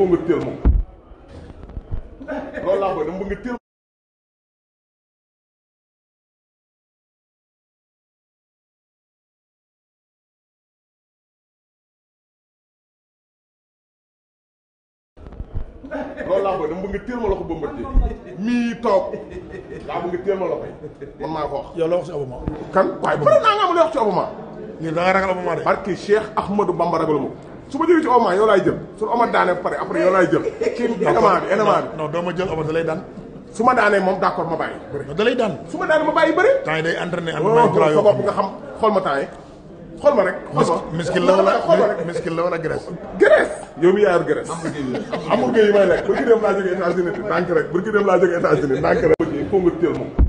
faut nga loolu laa koy dama nga teel loolu laa koy dama mii toog laa bëgg nga teel ma loxo yi man maa ko yow la wax ci kan waaye bëri naa nga ma la wax ci nii da ragal Abouma de. barke Cheikh Ahmadou Bamba ragaluma ko. su ma jógee ci Oma yow laay jël su Oma daanee ba pare après yow laay jël. da su ma daanee moom d'accord ma bàyyi. bëri da lay daan. su ma daanee ma bàyyi bëri. temps yi day entraîné entraînement oh, trois yoo xam ne nga xam xool ma temps yi ma rek. xool ma la wala miskil la wala graisse. graisse yow mi yaa yor amul géej may lekk bu ki dem laa jógee États-Unis ndànk rek bu ki dem laa jógee États-Unis ndànk rek. foog nga teel moom.